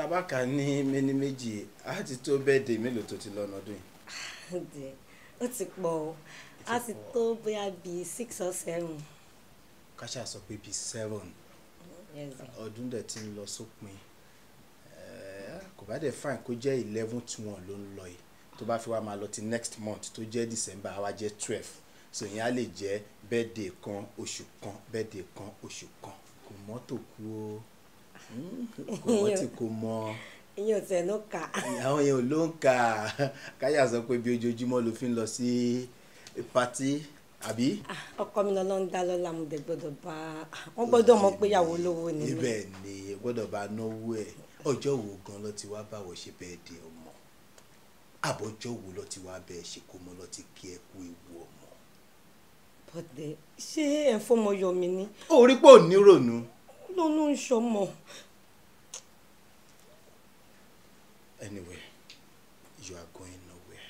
tá a bá kà ní méní méjì á ti tó bẹ́ẹ̀dẹ̀ mélòó tó ti lọ́nà ọdún yìí. ó ti pọ̀ ó á ti tó bóyá bíi six or seven. káṣá sọ pé bíi seven ọdún dẹ̀ ti ń lọ sópin kò bá dẹ̀ fine kó jẹ́ eleven tí wọ́n ló ń lọ yìí tó bá fi wá máa lọ ti next month tó jẹ́ december àwa jẹ́ twelve so ìyẹn á lè jẹ́ bẹ́ẹ̀dẹ̀ kan oṣù kan bẹ́ẹ̀dẹ̀ kan oṣù kan kò mọ́tò kú o wọ́n ti kò mọ. ìyẹn ò tẹ̀ ló kà. àwọn yẹn ò ló ń kà káyà sọ pé bí ojoojúmọ́ ló fi ń lọ sí pati àbí. ọkọ mi lọ́lọ́ ń dá lọ́la mo dẹ̀ gbọ́dọ̀ bá wọ́n gbọ́dọ̀ mọ̀ pé ìyàwó lówó ni. ibẹ̀ ni gbọ́dọ̀ bá náwó ẹ̀ ọjọ́ wo gan ló ti wá báwo ṣe bẹ́ẹ̀ di ọmọ àbọ̀jọ́ wo ló ti wá bẹ́ẹ̀ ṣe kó mọ́ ló ti kí ẹ kú ewu ọmọ. bọ́dẹ̀ ṣé ẹ̀ fọmọ yọ mi ni. orí pò ní ronú lónú ìṣọmọ. anyway you are going nowhere.